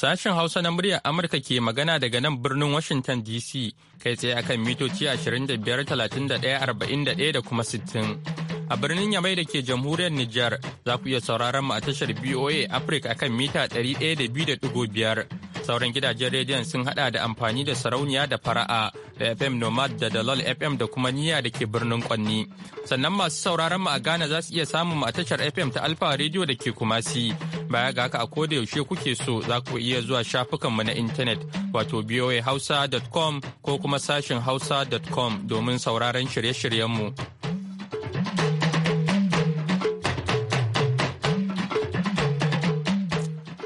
Sashen Hausa na muryar Amurka ke magana daga nan birnin Washington DC kai tsaye akan mitoci 25,31,41 da kuma 60. A birnin Yamai da ke jamhuriyar Nijar za ku iya sauraron mu a tashar BOA Africa akan mita 102.5. Sauran gidajen rediyon sun hada da amfani da sarauniya da fara'a da FM Nomad da Dalol FM da kuma niyya da ke birnin Kwanni. Sannan masu sauraron mu a Ghana za su iya samun mu a tashar FM ta Alfa Radio da ke Kumasi. Baya ga haka a koda yaushe kuke so za ku iya zuwa shafukan mu na intanet wato voahausa.com ko kuma sashin hausa.com domin sauraron shirye shiryen mu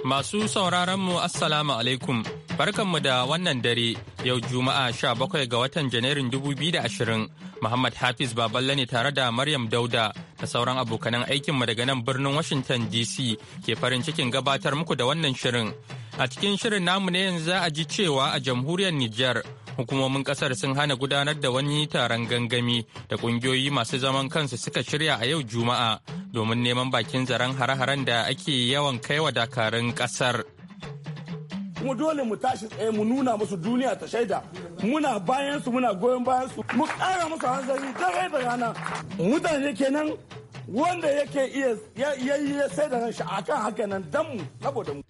Masu sauraronmu Assalamu alaikum, barkanmu da wannan dare yau Juma'a 17 ga watan Janairun 2020, Muhammad Hafiz Baballe ne tare da Maryam Dauda da sauran abokanan aikinmu daga nan birnin Washington DC ke farin cikin gabatar muku da wannan shirin. A cikin shirin namu ne yanzu za a ji cewa a jamhuriyar Nijar. hukumomin kasar sun hana gudanar da wani taron gangami da kungiyoyi masu zaman kansu suka shirya a yau juma'a domin neman bakin zaren hare-haren da ake yawan kai wa dakarun kasar kuma dole mu tashi tsaye mu nuna musu duniya ta shaida muna bayan su muna goyon bayan su mu kara musu hanzari dare da rana mutane kenan wanda yake iya sai da ran shi akan haka nan dan mu saboda mu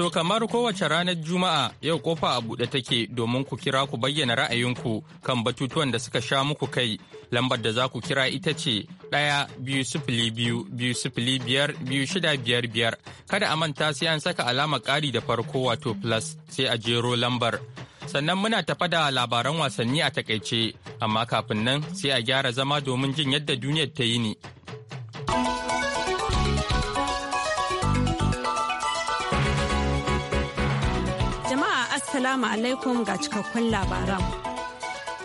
To kamar kowace ranar Juma'a yau kofa a buɗe take domin ku kira ku bayyana ra'ayinku kan batutuwan da suka sha muku kai. Lambar da za ku kira ita ce ɗaya biyu sifili biyu biyu sifili biyar biyu shida biyar biyar. Kada a manta sai an saka alama ƙari da farko wato plus sai a jero lambar. Sannan muna tafa da labaran wasanni a takaice, amma kafin nan sai a gyara zama domin jin yadda duniyar ta yi ni. Assalamu alaikum ga cikakkun labaran.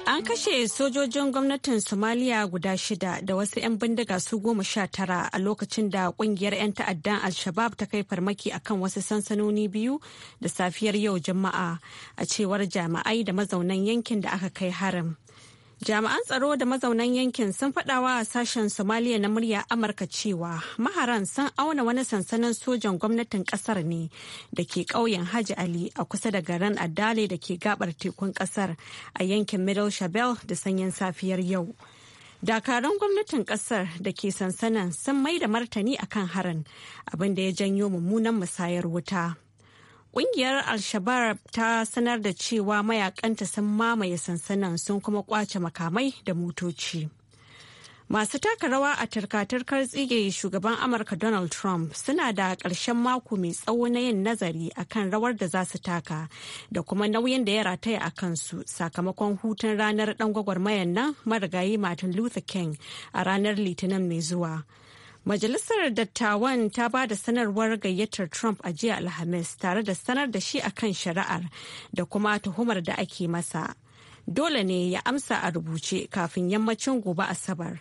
An kashe sojojin gwamnatin Somalia guda shida da wasu 'yan bindiga su goma sha tara a lokacin da kungiyar 'yan ta'addan Al-Shabaab ta kai farmaki akan wasu sansanoni biyu da safiyar yau Juma'a a cewar jami'ai da mazaunan yankin da aka kai harin. Jami'an tsaro da mazaunan yankin sun faɗawa a sashen Somaliya na murya Amurka cewa maharan sun auna wani sansanin sojan gwamnatin ƙasar ne da ke ƙauyen Haji Ali a kusa da garin Adale da ke gabar tekun ƙasar a yankin Middle Shabelle da sanyin safiyar yau. Dakaran gwamnatin ƙasar da ke sansanin sun mai da martani akan harin abin da ya janyo mummunan musayar wuta. Ƙungiyar Alshabar ta sanar da cewa mayakanta sun mamaye sansanin sun kuma kwace makamai da motoci. Masu taka rawa a tarkatarkar tsige shugaban Amurka Donald Trump suna da ƙarshen mako mai tsawo na yin nazari akan rawar da za su taka da kuma nauyin da ya rataya a kansu sakamakon hutun ranar ɗan gwagwarmayar nan marigayi Martin Luther King a ranar Litinin mai zuwa. Majalisar Dattawan ta ba da sanarwar gayyatar Trump a jiya Alhamis tare da sanar da shi akan shari'ar da kuma tuhumar da ake masa. Dole ne ya amsa a rubuce kafin yammacin gobe Asabar.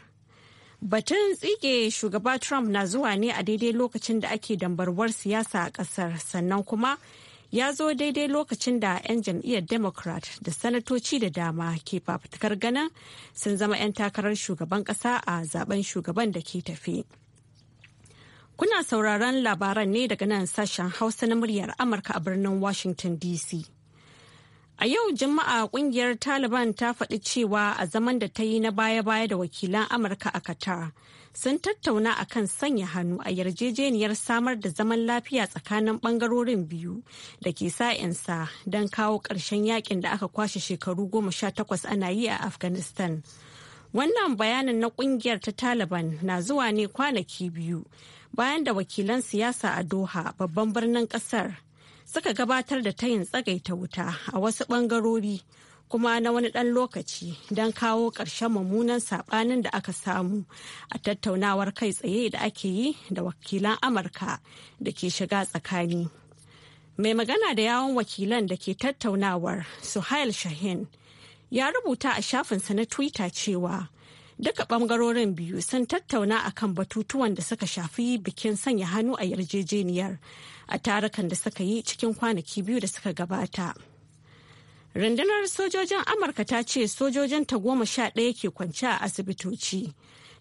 Batun tsige shugaba Trump na zuwa ne a daidai lokacin da ake dambarwar siyasa a ƙasar sannan kuma ya zo daidai lokacin da 'yan jam'iyyar Democrat da sanatoci da dama ke fafutukar ganin sun zama 'yan takarar shugaban ƙasa a zaben shugaban da ke tafi. Kuna sauraron labaran ne daga nan sashen Hausa na muryar Amurka a birnin Washington DC. A yau Juma'a kungiyar Taliban ta faɗi cewa a zaman da ta yi na baya-baya da wakilan Amurka a Qatar sun tattauna a kan sanya hannu a yarjejeniyar samar da zaman lafiya tsakanin ɓangarorin biyu da ke sa'insa don kawo ƙarshen yakin da aka kwashe shekaru goma sha takwas ana yi a Afghanistan. Wannan bayanin na ƙungiyar ta Taliban na zuwa ne kwanaki biyu bayan da wakilan siyasa a Doha babban birnin kasar suka gabatar da tayin tsagaita wuta a wasu bangarori kuma na wani ɗan lokaci don kawo ƙarshen mummunan saɓanin da aka samu a tattaunawar kai tsaye da ake yi da wakilan amurka da ke shiga tsakani mai magana da yawon wakilan da ke tattaunawar suhail shahin ya rubuta a shafinsa na twitter cewa Duka bangarorin biyu sun tattauna a kan batutuwan da suka shafi bikin sanya hannu a yarjejeniyar a tarakan da suka yi cikin kwanaki biyu da suka gabata. Rundunar sojojin Amurka ta ce sojojin ta goma sha ɗaya ke kwance a asibitoci.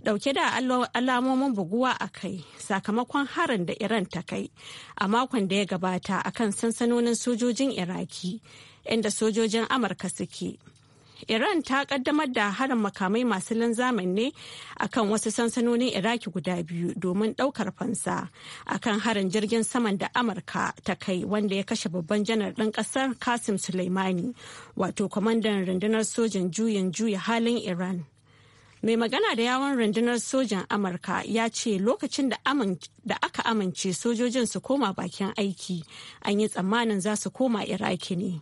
Dauke da alamomin buguwa a kai sakamakon harin da Iran ta kai a makon da ya gabata akan sansanonin sojojin Iraki, inda sojojin Amurka suke. Iran ta kaddamar da harin makamai masu linzamin ne akan wasu sansanonin Iraki guda biyu domin daukar fansa akan harin jirgin saman da Amurka ta kai wanda ya kashe babban janar ɗan ƙasar Kasim Suleimani wato kwamandan rundunar sojan juyin juya halin Iran. mai magana da yawon rundunar sojan amurka ya ce lokacin da aka amince sojojin su koma bakin aiki an yi tsammanin za su koma iraki ne.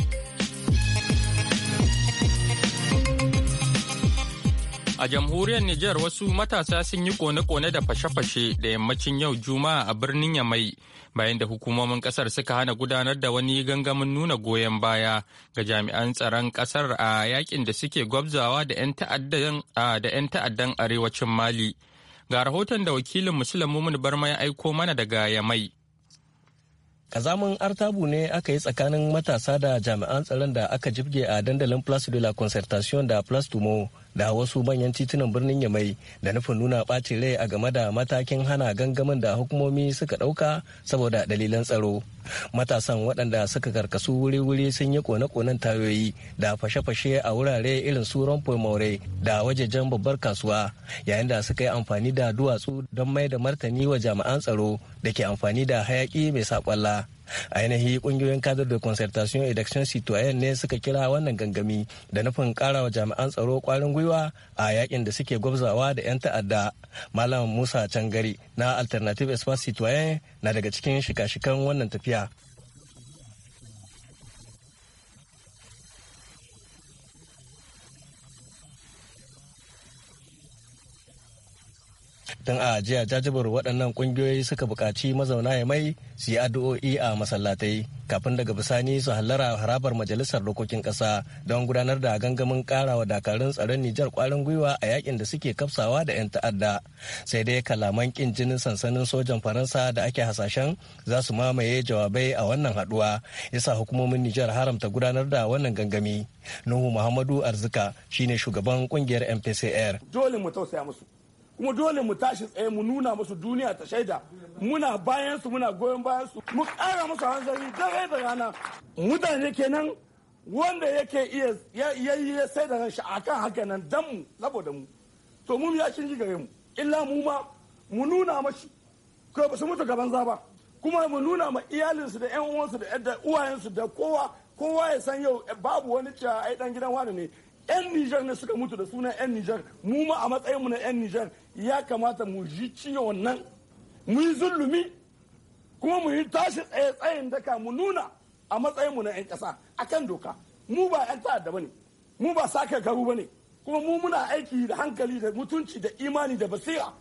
A jamhuriyar Nijar wasu matasa sun yi kone-kone da fashe-fashe da yammacin yau Juma'a a birnin Yamai bayan da hukumomin kasar suka hana gudanar da wani gangamin nuna goyon baya ga jami'an tsaron kasar a yakin da suke gwabzawa da 'yan ta'addan arewacin Mali. Ga rahoton da wakilin Musulun Barma ya aiko mana daga Yamai. kazamin artabu ne aka yi tsakanin matasa da jami'an tsaron da aka jibge a dandalin place de la concertation da place tumo da wasu manyan titunan birnin yamai da nufin nuna ɓacin rai a game da matakin hana gangamin da hukumomi suka ɗauka saboda dalilan tsaro matasan waɗanda suka karkasu wuri-wuri sun yi kone-konen tayoyi da fashe-fashe a wurare irin su rompoy maure da wajejen babbar kasuwa yayin da suka yi amfani da duwatsu don mai da martani wa jami'an tsaro da ke amfani da hayaki mai saƙwalla ainihi kungiyoyin kadar da concertation et d'action citoyen ne suka kira wannan gangami da nufin karawa jami'an tsaro kwarin gwiwa a yakin da suke gwabzawa da 'yan ta'adda malam musa cangari na alternative espace citoyen na daga cikin shika-shikan wannan tafiya tun a jiya jajibar waɗannan ƙungiyoyi suka buƙaci mazauna ya mai su yi addu'o'i a masallatai kafin daga bisani su hallara harabar majalisar dokokin ƙasa don gudanar da gangamin ƙarawa dakarun tsaron nijar kwarin gwiwa a yakin da suke kafsawa da 'yan ta'adda sai dai kalaman ƙin jinin sansanin sojan faransa da ake hasashen za su mamaye jawabai a wannan haɗuwa yasa hukumomin nijar haramta gudanar da wannan gangami nuhu muhammadu arzika shine shugaban ƙungiyar mpcr dole mu tausaya musu kuma dole mu tashi tsaye mu nuna musu duniya ta shaida muna bayan su muna goyon bayan su mu kara musu hanzari dare da rana mutane kenan wanda yake iya yayi ya sai da ranshi akan haka nan dan mu saboda mu to mu ya kin gare mu illa mu ma mu nuna mashi ko ba su mutu gaban za kuma mu nuna ma iyalinsu da yan uwansu da uwayensu da kowa kowa ya san yau eh, babu wani cewa ai dan gidan wani ne yan Nijar ne suka mutu da sunan yan Nijar mu ma a matsayinmu na yan Nijar ya kamata mu ji ciwon nan mu yi zulumi kuma mu yi tashi tsaye tsayin daka mu nuna a matsayin mu na 'yan ƙasa akan doka mu ba 'yan ta'adda bane mu ba saka karu bane kuma mu muna aiki da hankali da mutunci da imani da basira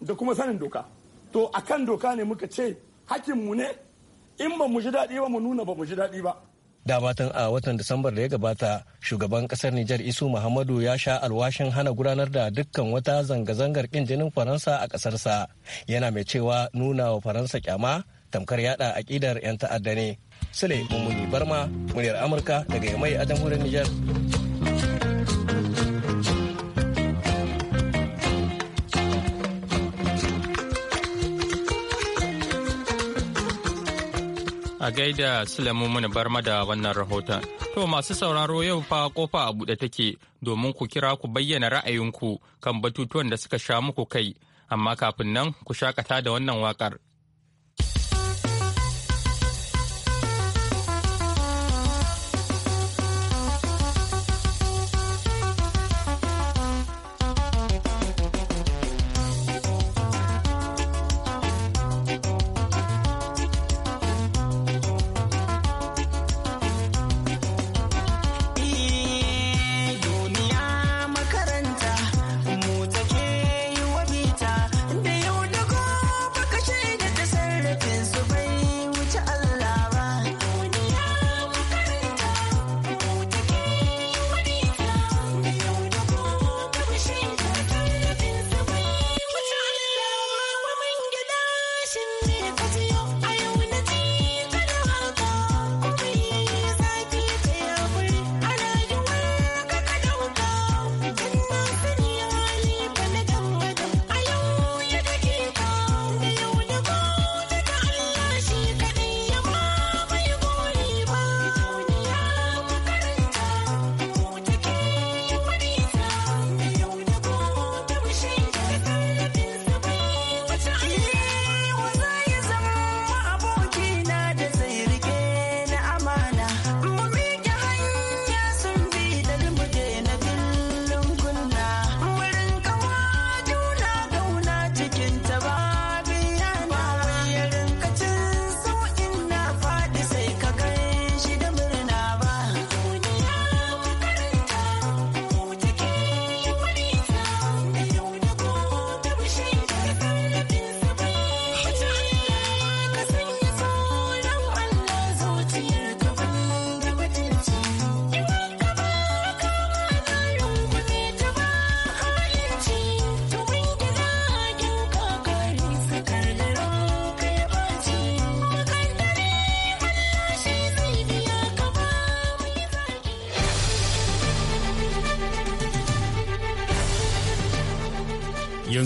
da kuma sanin doka to akan doka ne muka ce hakin mu ne in ba mu ji daɗi ba mu nuna ba mu ji daɗi ba damatan a watan disambar da ya gabata shugaban kasar nijar isu muhammadu ya sha alwashin hana gudanar da dukkan wata zanga-zangar kin jinin faransa a kasarsa yana mai cewa nuna wa faransa kyama tamkar yada akidar 'yan ta'adda ne sule mummuni barma muryar amurka daga yamai a jamhuriyar nijar A gaida Sulaimu bar ma da wannan rahoton. To masu sauraro yau fa kofa a buɗe take domin ku kira ku bayyana ra'ayinku kan batutuwan da suka sha muku kai. Amma kafin nan ku shakata da wannan waƙar.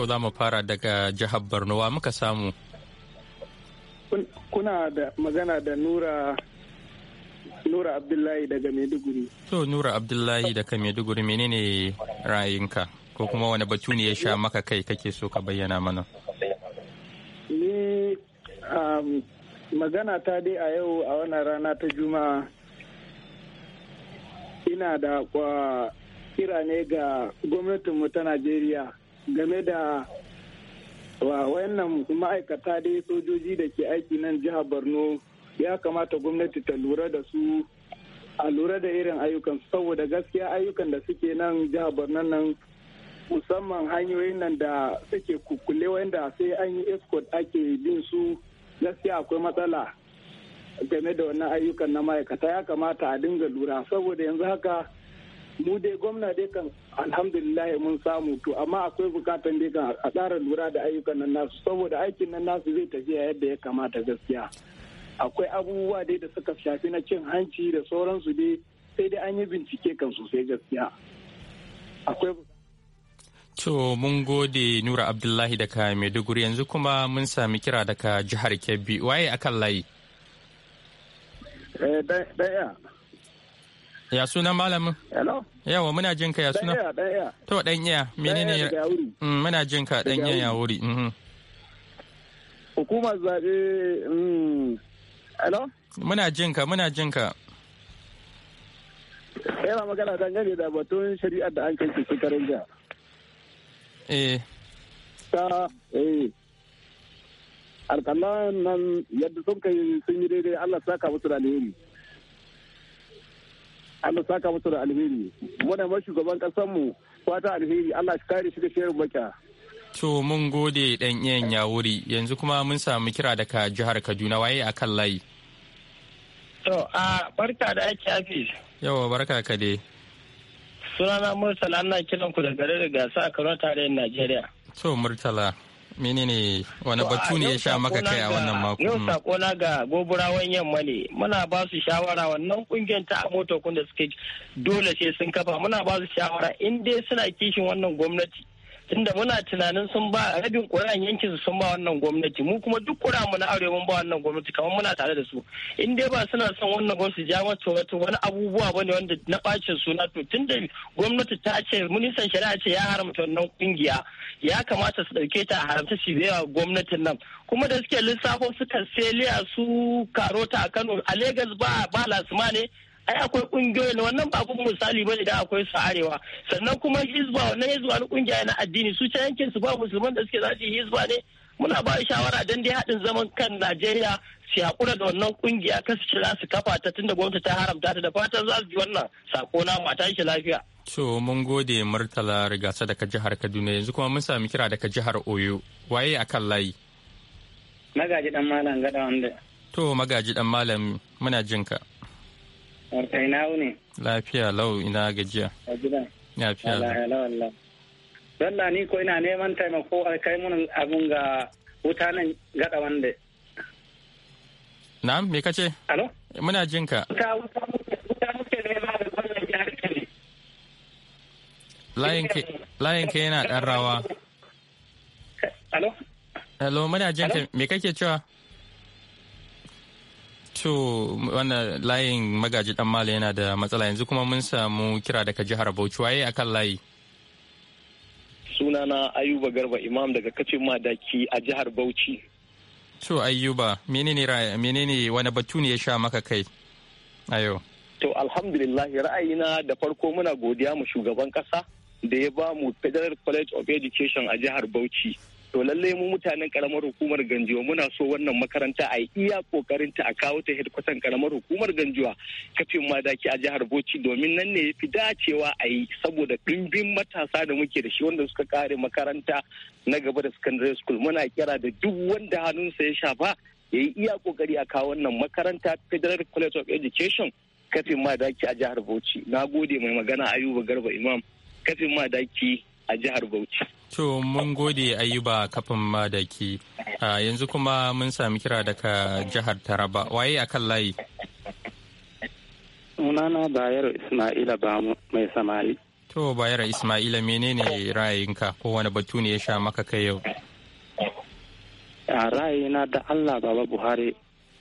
yau za mu fara daga jihar Borno muka samu. Kuna da magana da Nura Nura Abdullahi daga Maiduguri. To Nura Abdullahi daga Maiduguri menene ra'ayinka ko kuma wani batu ne ya sha maka kai kake so ka bayyana mana? Ni um, magana ta dai a yau a wannan rana ta Juma'a ina da kwa kira ne ga gwamnatinmu ta Najeriya game da wayannan ma'aikata dai sojoji da ke aiki nan jihar borno ya kamata gwamnati ta lura da su a lura da irin ayyukan saboda gaskiya ayyukan da suke nan jihar borno nan musamman hanyoyin nan da suke kukule wanda sai an yi escort ake bin su gaskiya akwai matsala game da wannan ayyukan na ma'aikata ya kamata a dinga lura saboda yanzu haka mu dai gwamna dai kan alhamdulillah mun samu to amma akwai bukatan dai kan a tsara lura da ayyukan nan nasu saboda aikin nan nasu zai tafiya yadda ya kamata gaskiya akwai abubuwa dai da suka shafi na cin hanci da sauransu dai sai dai an yi bincike kan sosai gaskiya akwai To mun gode Nura Abdullahi daga Maiduguri yanzu kuma mun sami kira daga jihar Kebbi waye akan layi? Eh, Ya sunan malamin? Hello. Yawa muna jin ka ya sunan? Ɗanya To ɗanya menene ya? Mm, muna jin ka ɗanya ya wuri. Mm-hmm. Hukumar mm, Muna jin ka muna jin ka. Yana magana dangane da batun shari'ar da an kai su shekarun jiya. Eh. Ta eh. alkalan nan yadda sun kai sun yi daidai Allah saka musu da alheri. Allah saka musu da alheri muna ma shugaban kasar mu fata alheri Allah shi kare shi da shirin baka to mun gode dan iyan ya wuri yanzu kuma mun samu kira daga jihar Kaduna waye akan layi to a barka da aiki afi yawa barka ka dai sunana Murtala ana kiran ku da gare gasa a Kano da Najeriya to Murtala menene wani batu ne ya sha maka kai a wannan mako yau sako na ga goburawan yamma ne muna ba su shawara wannan kungiyar ta motokun da suke dole sai sun kafa muna ba su shawara in dai suna kishin wannan gwamnati tunda muna tunanin sun ba rabin ƙuri'an yankin su sun ba wannan gwamnati mu kuma duk ƙuri'an mu na arewa mun ba wannan gwamnati kamar muna tare da su in dai ba suna son wannan gwamnati ja mata wato wani abubuwa ba ne wanda na bacin suna to tunda gwamnati ta ce ministan shari'a ce ya haramta wannan kungiya ya kamata su dauke ta a haramta shi baiwa gwamnatin nan kuma da suke lissafo su kanseliya su karota a Kano a Legas ba ba lasma ne ai akwai kungiyoyi na wannan ba kuma misali bane da akwai su arewa sannan kuma hizba wannan hizba na kungiya na addini su can yankin su ba musulman da suke zaci hizba ne muna ba shawara dan dai haɗin zaman kan Najeriya su haƙura da wannan kungiya su cira su kafa ta tunda gwamnati ta haramta ta da fatan za su ji wannan sako na mata shi lafiya. To mun gode Murtala Rigasa daga jihar Kaduna yanzu kuma mun sami kira daga jihar Oyo waye akan layi. Magaji dan malam gada wanda. To magaji dan malam muna jinka. Barka ina wuni. Lafiya lau ina gajiya. A gida. Lafiya lau. Allah Allah. Dalla ni ko ina neman taimako a kai mun abun ga wuta nan gada wanda. Na'am me ka ce? Alo? Muna jin ka. Wuta wuta wuta muke nema da wannan jihar ne. Layin ke yana ɗan rawa. Alo? Alo muna jin ka me kake cewa? to wannan layin magaji dan mala yana da matsala yanzu kuma mun samu kira daga jihar bauchi waye akan layi sunana ayuba garba imam daga kacin madaki a jihar bauchi to ayuba menene menene wani batu ne ya sha maka kai ayo to alhamdulillah ra'ayina da farko muna godiya mu shugaban kasa da ya ba mu federal college of education a jihar bauchi to lallai mu mutanen karamar hukumar ganjiwa muna so wannan makaranta a iya kokarin ta a kawo ta hedkwatan karamar hukumar ganjiwa kafin ma daki a jihar bauchi domin nan ne yafi dacewa a yi saboda ɗimbin matasa da muke da shi wanda suka kare makaranta na gaba da secondary school muna kira da duk wanda hannunsa ya shafa ya yi iya kokari a kawo wannan makaranta federal college of education kafin ma daki a jihar bauchi na gode mai magana ayuba garba imam kafin ma daki. a jihar Bauchi. To mun gode Ayuba kafin madaki. Yanzu kuma mun sami kira daga jihar Taraba. Waye a kan layi? Sunana Bayar Ismaila ba mai samari. To Bayar Ismaila menene ra'ayinka ko wani batu ne ya sha maka kai yau? A ra'ayina da Allah Baba Buhari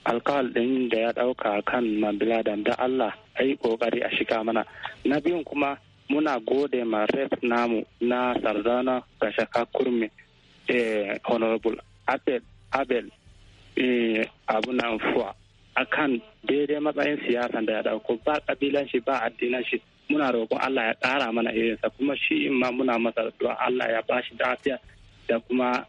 alkawal ɗin da ya ɗauka kan Mandela da Allah ai ƙoƙari a shiga mana. Na biyun kuma muna gode ma rep namu na sardana gashaka kurmi eh, honorable abel abel eh, abu na fuwa akan daidai matsayin siyasa da ya dauko ba kabilanci ba addinan shi muna roƙon Allah ya ƙara mana irinsa kuma shi in ma muna masa addu'a Allah ya bashi lafiya da kuma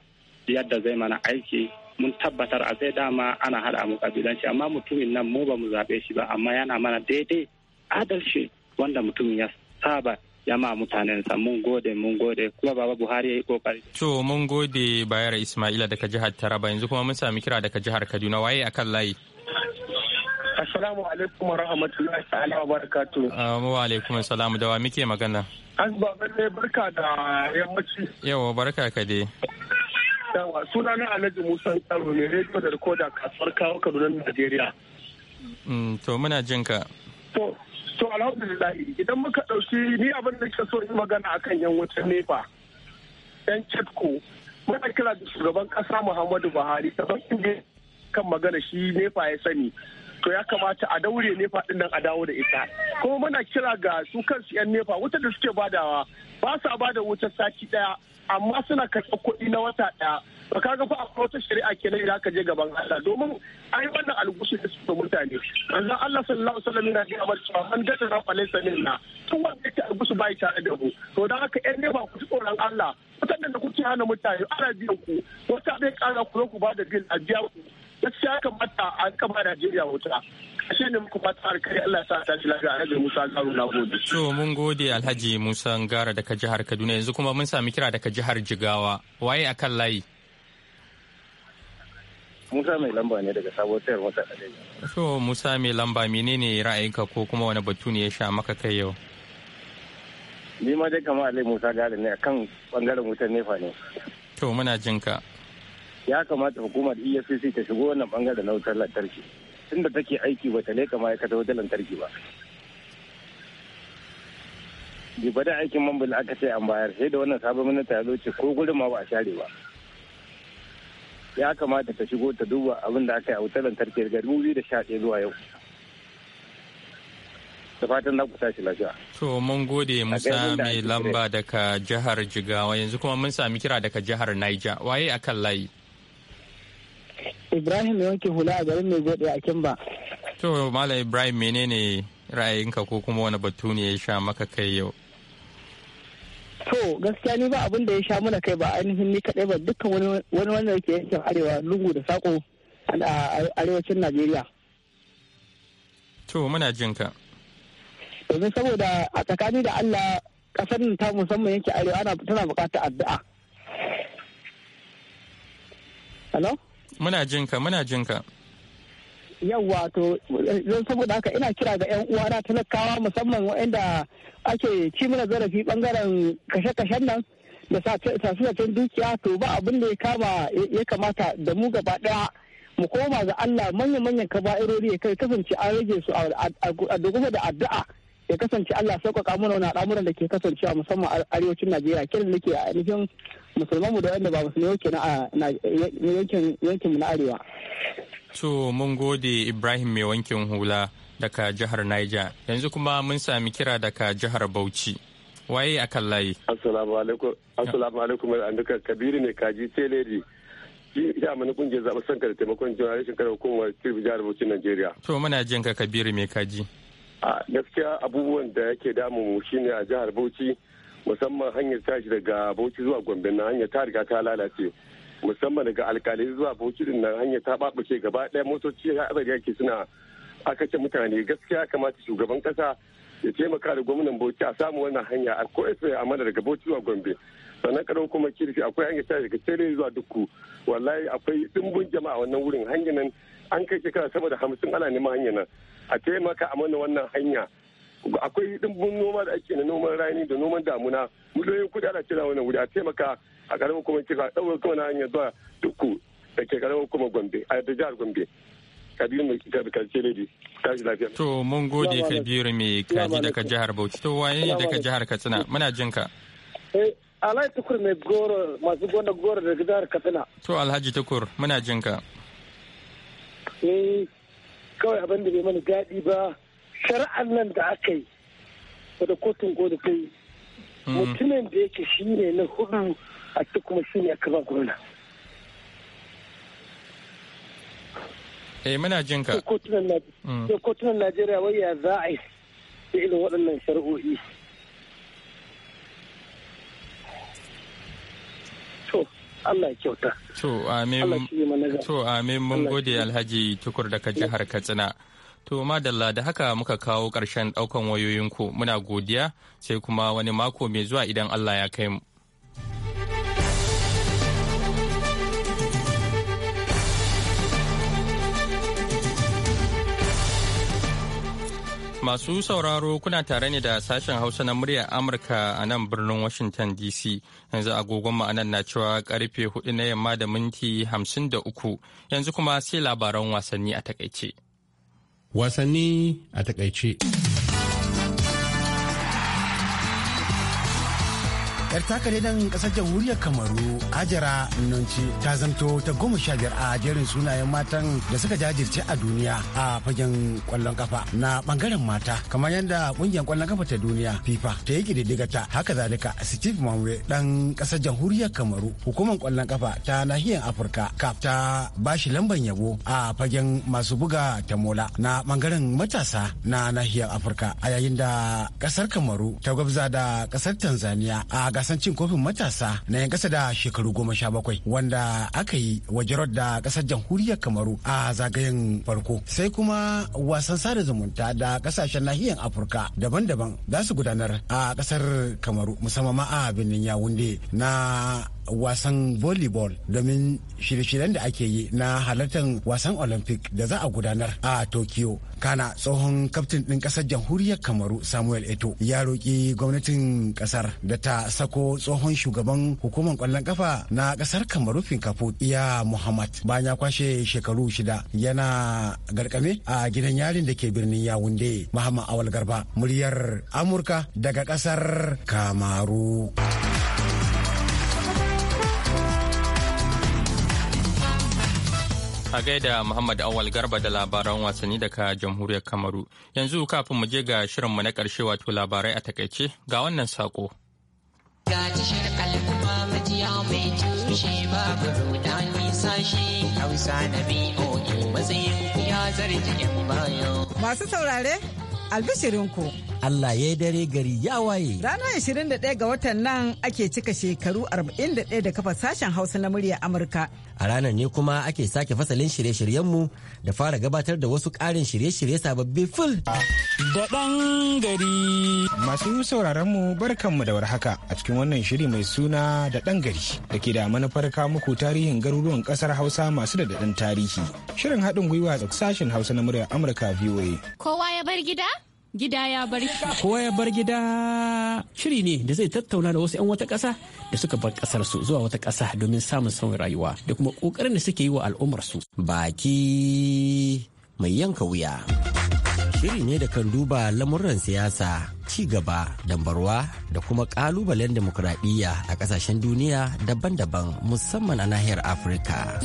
yadda zai mana aiki mun tabbatar a zai dama ana haɗa mu kabilanci amma mutumin nan mu ba mu zaɓe shi ba amma yana mana daidai adalci wanda mutumin ya saba mutanen mutanensa mun gode mun gode kuma baba buhari ya yi kokari. to mun gode bayar ismaila daga jihar taraba yanzu kuma mun sami kira daga jihar kaduna waye a kan layi. assalamu alaikum wa rahmatullahi ta'ala wa barakatu. Ah, wa alaikum salamu da wa muke magana. an baba ne barka da yammaci. yawa barka ka dai. yawa na alhaji musa tsaro ne rediyo da rikoda kasuwar kawo kaduna najeriya. Mm, to muna jinka. to to alhamdulillah idan muka ɗauki ni abin da kika so yi magana akan yan wutan nefa yan cetko muna kira da shugaban ƙasa muhammadu buhari ta bakin da kan magana shi nefa ya sani to ya kamata a daure nefa din nan a dawo da ita kuma muna kira ga su kansu yan nefa wutar da suke badawa ba sa bada wutar sati ɗaya amma suna karɓar kuɗi na wata ɗaya. ba ka ga fa a wata shari'a kenan idan aka je gaban Allah domin ai wannan algusu da su mutane manzon Allah sallallahu alaihi wasallam yana ga a cewa man na rafa laysa minna to wanda yake algusu bai tare da mu to dan haka ɗan ne ba ku tsoron Allah mutanen da kuke hana mutane ana biyan ku wata bai kara ku ku ba da bil a biya ku gaskiya kamata an kama Najeriya wuta ashe ne muku fata alkari Allah sa ta lafiya Alhaji Musa Garu na gode. To mun gode Alhaji Musa Gara daga jihar Kaduna yanzu kuma mun sami kira daga jihar Jigawa waye akan layi. Musa mai lamba ne daga sabuwar sayar masa So Musa mai lamba menene ra'ayinka ko kuma wani batu ne ya sha maka kai yau? Ni ma dai kama Alai Musa gari ne akan bangaren wutar nefa ne. To muna jin ka. Ya kamata hukumar EFCC ta shigo wannan bangaren na wutar lantarki. Tunda take aiki ba ta leka ma'aikata wutar lantarki ba. Bi da aikin mambul aka ce an bayar sai da wannan sabon minista ya zo ko gurin ma ba a share ba. ya kamata ta shigo ta duba abin da aka yi a wutar lantarki daga biyu da sha ɗaya zuwa yau da fatan na kusa shi lafiya. To mun gode Musa mai lamba daga jihar Jigawa yanzu kuma mun sami kira daga jihar Niger waye akan layi. Ibrahim mai wanke hula a garin mai gode a Kimba. To Malam Ibrahim menene ra'ayinka ko kuma wani batu ne ya sha maka kai yau? to gaskiya ni ba abin da ya sha mana kai ba ainihin ni kadai ba dukkan wani wanda yake yankin arewa lungu da sako a arewacin najeriya to muna jin ka domin saboda a tsakani da allah kasar ta musamman yake arewa tana buƙatar addu'a hello muna jin ka muna jin ka yawwa to don saboda haka ina kira ga 'yan uwana talakawa musamman waɗanda ake ci mana zarafi bangaren kashe-kashen nan da sace dukiya to ba abin da ya kama ya kamata da mu gaba daya mu koma ga Allah manya-manyan kaba'irori ya kai kasance an rage su a dogoma da addu'a ya kasance Allah sauƙaƙa mana wani al'amuran da ke kasancewa musamman arewacin Najeriya kiran da ke a ainihin musulmanmu da wanda ba musulmi mu yankin na arewa. To mun gode Ibrahim mai wankin hula daga jihar Niger. Yanzu kuma mun sami kira daga jihar Bauchi. Waye a kan layi? Assalamu alaikum. Assalamu alaikum duka Kabiru ne kaji teledi. Ya mana kungiyar zaɓen sanka da taimakon jihar rashin kada hukumar kirbi jihar Bauchi Najeriya. To muna jin ka Kabiru mai kaji. A gaskiya abubuwan da yake damu shine a jihar Bauchi musamman hanyar tashi daga Bauchi zuwa Gombe na hanyar ta riga ta lalace. musamman daga alkalai zuwa bokirin na hanya ta babace gaba ɗaya motoci ya azari yake suna akace mutane gaskiya kamata shugaban kasa ya taimaka da gwamnan bauchi a samu wannan hanya a ko esme a mana daga bauchi zuwa gombe sannan karon kuma kirfi akwai hanyar ta daga tere zuwa dukku wallahi akwai dimbin jama'a wannan wurin hanyar nan an kai shekara sama da hamsin ana neman hanyar nan a taimaka a mana wannan hanya akwai dimbin noma da ake na noman rani da noman damuna miliyoyin kudi ana cira wannan wuri a taimaka a karamin hukumar kika ɗaukar kuma na hanyar zuwa dukku da ke karamin hukumar gombe a yadda jihar gombe kabiru mai kalce ne tashi lafiya. to mun gode kabiru mai kaji daga jihar bauchi to waye daga jihar katsina muna jin ka. Eh, alhaji tukur mai goro masu gona goro daga jihar katsina. to alhaji tukur muna jin ka. eh kawai abin da bai mana daɗi ba shari'ar nan da aka yi da kotun gode ta yi mm. mutumin da yake shi ne na hudu a cikin kuma shi ne gwamna. Eh muna jin ka. ko mm. Kotunan Najeriya wai ya za a yi da irin waɗannan shari'o'i. Allah kyauta. To amin. To amin mun gode Alhaji tukur daga jihar Katsina. To madalla da haka muka kawo ƙarshen ɗaukan wayoyinku muna godiya sai kuma wani mako mai zuwa idan Allah ya kai mu. Masu sauraro kuna tare ne da sashen Hausa na muryar Amurka a nan birnin Washington DC. Yanzu agogon ma'anar na cewa karfe hudu na yamma da minti hamsin da uku. Yanzu kuma sai labaran wasanni a takaice. Wasanni a takaice. yar takare nan kasar jamhuriyar kamaru hajara nunci ta zamto ta goma sha biyar a jerin sunayen matan da suka jajirce a duniya a fagen kwallon kafa na bangaren mata kamar yadda kungiyar kwallon kafa ta duniya fifa ta yi kididdiga ta haka zalika steve manwe dan kasar jamhuriyar kamaru hukumar kwallon kafa ta nahiyar afirka kaf ta bashi lamban yabo a fagen masu buga ta mola na bangaren matasa na nahiyar afirka a yayin da kasar kamaru ta gwabza da kasar tanzania a gasan cin kofin matasa na yan kasa da shekaru goma sha bakwai wanda aka yi wajerar da kasar jamhuriyar kamaru a zagayen farko sai kuma wasan sada zumunta da kasashen nahiyar afirka daban-daban za su gudanar a kasar kamaru musamman ma a birnin yawunde na wasan volleyball domin shirye-shiryen da ake yi na halartar wasan olympic da za a gudanar a tokyo kana tsohon kaftin ɗin ƙasar jamhuriyar kamaru samuel eto ya roƙi gwamnatin ƙasar da ta sako tsohon shugaban hukumar ƙwallon ƙafa na ƙasar kamaru finkafo iya muhammad bayan ya kwashe shekaru shida yana garkame a gidan yarin da ke birnin yawunde muhammad awal garba muryar amurka daga ƙasar kamaru. A gaida Muhammad Awal Garba da labaran wasanni daga Jamhuriyar Kamaru. Yanzu kafin mu je ga shirin mu na ƙarshe wato labarai a takaice ga wannan saƙo. tashar majiya mai babu Hausa na matsayin Masu saurare albishirinku. Allah ya yi dare gari ya waye. Ranar 21 ga watan nan ake cika shekaru 41 da kafa sashen Hausa na murya Amurka. A ranar ne kuma ake sake fasalin shirye-shiryenmu da fara gabatar da wasu ƙarin shirye-shirye sababbi fil. Da ɗan gari. Masu sauraron mu barkanmu da warhaka a cikin wannan shiri mai suna da ɗan gari da ke da manufar muku tarihin garuruwan ƙasar Hausa masu da daɗin tarihi. Shirin haɗin gwiwa sashen Hausa na murya Amurka VOA. Kowa ya bar gida? gida ya bar kowa ya bar gida shiri ne da zai tattauna da wasu 'yan wata ƙasa da suka bar ƙasar su zuwa wata ƙasa domin samun sauyin rayuwa da kuma ƙoƙarin da suke yi wa al'ummar su baki mai yanka wuya shiri ne da kan duba lamuran siyasa ci gaba dambarwa da kuma ƙalubalen demokuraɗiyya a ƙasashen duniya daban-daban musamman a nahiyar afirka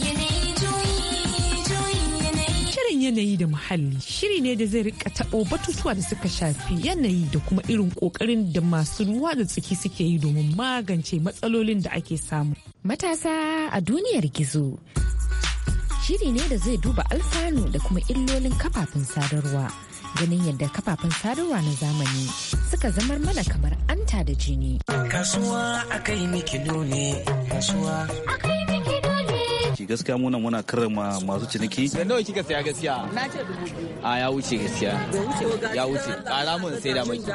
yanayi da muhalli shiri ne da zai rika taɓo batutuwa da suka shafi yanayi da kuma irin ƙoƙarin da masu ruwa da tsaki suke yi domin magance matsalolin da ake samu. Matasa a duniyar gizo. Shiri ne da zai duba alfanu da kuma illolin kafafen sadarwa. Ganin yadda kafafen sadarwa na zamani suka zamar mana kamar anta da jini. Kasuwa akai kasuwa akai gaskiya muna muna karrama masu ciniki da nawa kika saya gaskiya na ce dubu biyu a ya wuce gaskiya ya wuce kara mun sai da maki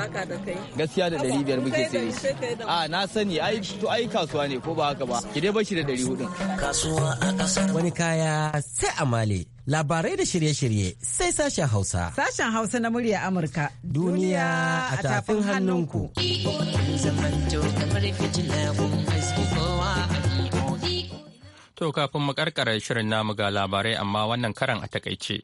gaskiya da 500 biyar muke sai a na sani ai to ai kasuwa ne ko ba haka ba ki dai bashi da 400 kasuwa a kasar. wani kaya sai a male labarai da shirye-shirye sai sashen hausa sashen hausa na murya amurka duniya a tafin hannunku To kafin mu karkara shirin namu ga labarai amma wannan karan a takaice.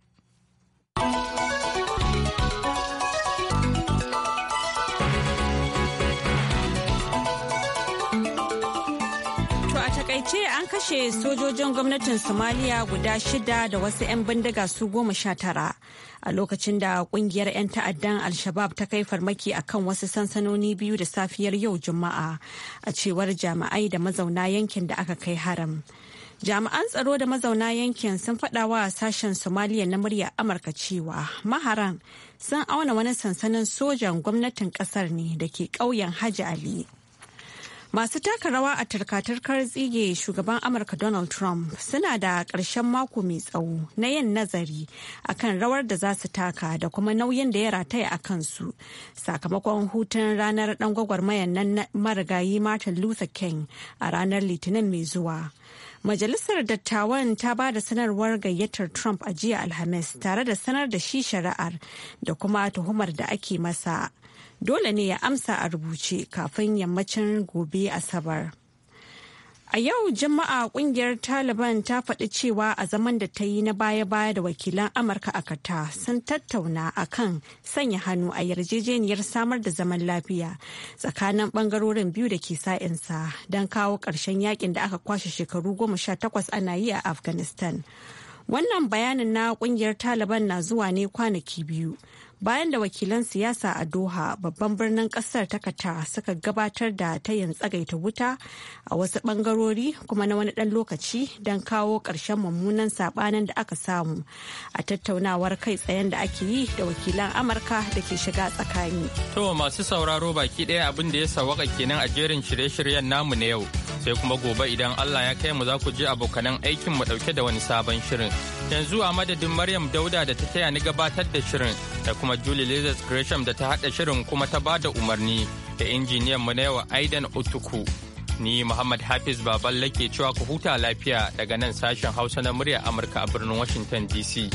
to a takaice an kashe sojojin gwamnatin somaliya guda shida da wasu 'yan bindiga su goma sha tara a lokacin da kungiyar 'yan ta'addan al-shabab ta kai farmaki a kan wasu sansanoni biyu da safiyar yau juma'a a cewar jami'ai da mazauna yankin da aka kai haram. jami'an tsaro da mazauna yankin sun faɗa wa sashen somaliya na murya amurka cewa maharan sun auna wani sansanin sojan gwamnatin ƙasar ne da ke ƙauyen hajji ali masu taka rawa a tarkatarkar tsige shugaban amurka donald trump suna da ƙarshen mako mai tsawo na yin nazari akan rawar da za su taka da kuma nauyin da ya rataya a kansu sakamakon hutun ranar ɗan gwagwarmayar nan marigayi martin luther king a ranar litinin mai zuwa Majalisar Dattawan ta ba da sanarwar gayyatar Trump a jiya Alhamis tare da sanar da shi shari'ar da kuma tuhumar da ake masa. Dole ne ya amsa a rubuce kafin yammacin gobe Asabar. A yau jama'a, kungiyar Taliban ta faɗi cewa a zaman da ta yi na baya-baya da wakilan Amurka a Kata sun tattauna akan sanya hannu a yarjejeniyar samar da zaman lafiya tsakanin bangarorin biyu da ke sa'insa don kawo ƙarshen yakin da aka kwashe shekaru goma sha takwas ana yi a Afghanistan. Wannan bayanin na kungiyar Taliban na zuwa ne kwanaki biyu bayan da wakilan siyasa a doha babban birnin kasar ta kata suka gabatar da tayin tsagaita wuta a wasu bangarori kuma na wani dan lokaci don kawo ƙarshen mummunan sabanin da aka samu a tattaunawar kai tsayen da ake yi da wakilan amurka da ke shiga tsakani to masu sauraro baki ɗaya abin da ya sawaka kenan a jerin shirye-shiryen namu na yau sai kuma gobe idan allah ya kai mu za ku je abokanan aikin mu ɗauke da wani sabon shirin yanzu a madadin maryam dauda da ta taya ni gabatar da shirin kuma Julie Lizard Gresham da ta haɗa shirin kuma ta ba da umarni da injiniyan mu na yawa Aidan Utuku. Ni Muhammad Hafiz Baballe ke cewa ku huta lafiya daga nan sashen Hausa na muryar Amurka a birnin Washington DC.